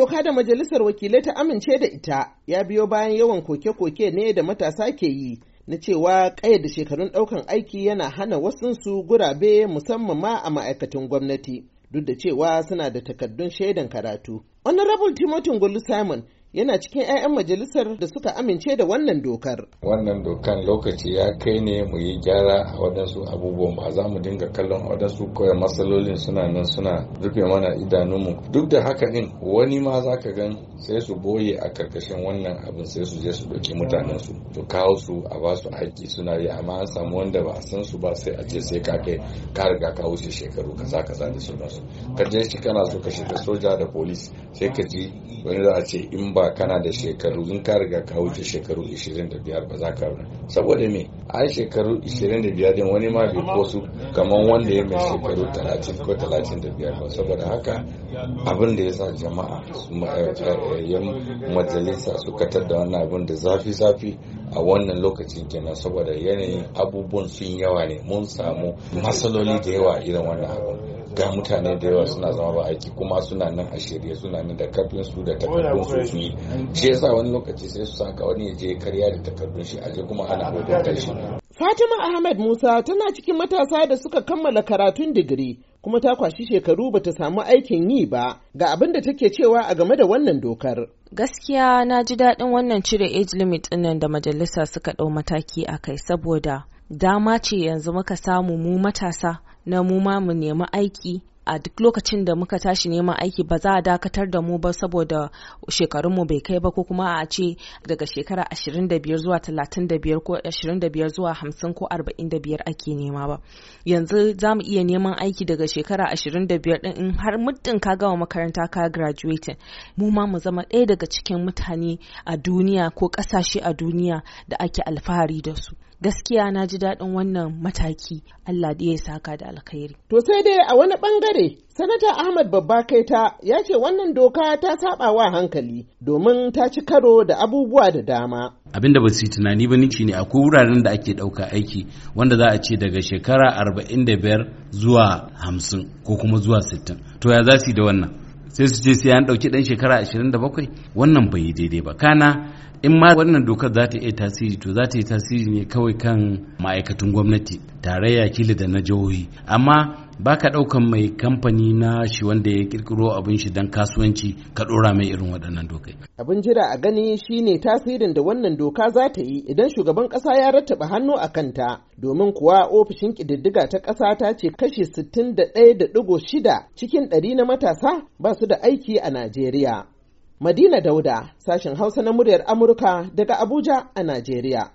doka da majalisar wakilai ta amince da ita ya biyo bayan yawan koke-koke ne da matasa ke yi na cewa da shekarun ɗaukan aiki yana hana wasunsu gurabe musamman ma a ma'aikatan gwamnati duk da cewa suna da takardun shaidan karatu. Honorable Timotin, Ngolu Simon yana cikin 'ya'yan majalisar da suka amince da wannan dokar. Wannan dokar lokaci ya kai ne mu yi gyara a waɗansu abubuwan ba za mu dinga kallon waɗansu kawai matsalolin suna nan suna rufe mana idanunmu. Duk da haka ɗin wani ma za ka gan sai su boye a karkashin wannan abin sai su je su ɗauki mutanensu to kawo su a ba su aiki suna yi amma an samu wanda ba a san su ba sai a ce sai ka kai ka riga ka wuce shekaru kaza kaza da sauransu. Ka je shi kana so ka shiga soja da polis sai ka ji wani za a ce in ba ba kana da shekaru in ka riga ka wuce shekaru 25 ba za ka aure saboda me ai shekaru 25 din wani ma bai ko su kamar wanda ya mai shekaru 30 ko 35 ba saboda haka abin da ya sa jama'a eh, eh, eh, majalisa suka tadda wannan abin da zafi zafi a wannan lokacin kenan saboda yanayin abubuwan sun yawa ne mun samu matsaloli da yawa irin wannan abu ga mutane da yawa suna zama ba aiki kuma suna nan a shirye suna nan da kafin su da takardun su su yi shi yasa wani lokaci sai su saka wani ya je karya da takardun shi aje kuma ana hukunta shi Fatima Ahmed Musa tana cikin matasa da suka kammala karatun digiri kuma ta kwashi shekaru ta samu aikin yi ba ga abin da take cewa a game da wannan dokar. Gaskiya na ji daɗin wannan cire age limit ɗinnan da majalisa suka ɗau mataki a kai saboda dama ce yanzu muka samu mu matasa na mu ma mu nemi aiki a duk lokacin da muka tashi neman aiki ba za a dakatar da mu ba saboda shekarunmu bai kai ba ko kuma a ce daga shekara 25 zuwa 35 ko 25 zuwa 50 ko 45 ake nema ba yanzu za mu iya neman aiki daga shekara 25 din in har muddin ka gama makaranta ka graduating mu ma mu zama ɗaya daga cikin mutane a duniya ko ƙasashe a duniya da ake alfahari da su gaskiya na ji daɗin wannan mataki Allah da ya saka da alkhairi. To sai dai a wani bangare sanata Ahmad Babba Kaita ya ce wannan doka ta saba wa hankali domin ta ci karo da abubuwa da dama. Abin da ba su yi tunani ba nici ne akwai wuraren da ake ɗauka aiki wanda za a ce daga shekara 45 zuwa 50 ko kuma zuwa 60. To ya za su yi da wannan? sai su ce sai an ɗauki ɗan shekara 27 wannan bai yi daidai ba kana in ma wannan dokar za ta iya tasiri to za ta yi tasiri ne kawai kan ma'aikatan gwamnati tarayya kila da na jihohi amma ba ka ɗaukan mai kamfani na shi wanda ya kirkiro abin shi don kasuwanci ka ɗora mai irin waɗannan dokai. Abin jira a gani shine tasirin da wannan doka za ta yi idan shugaban ƙasa ya rattaba hannu a kanta domin kuwa ofishin ƙididdiga ta ƙasa ta ce kashi sittin da ɗaya da shida cikin ɗari na matasa ba su da aiki a Najeriya. Madina Dauda, sashen Hausa na muryar Amurka daga Abuja a Najeriya.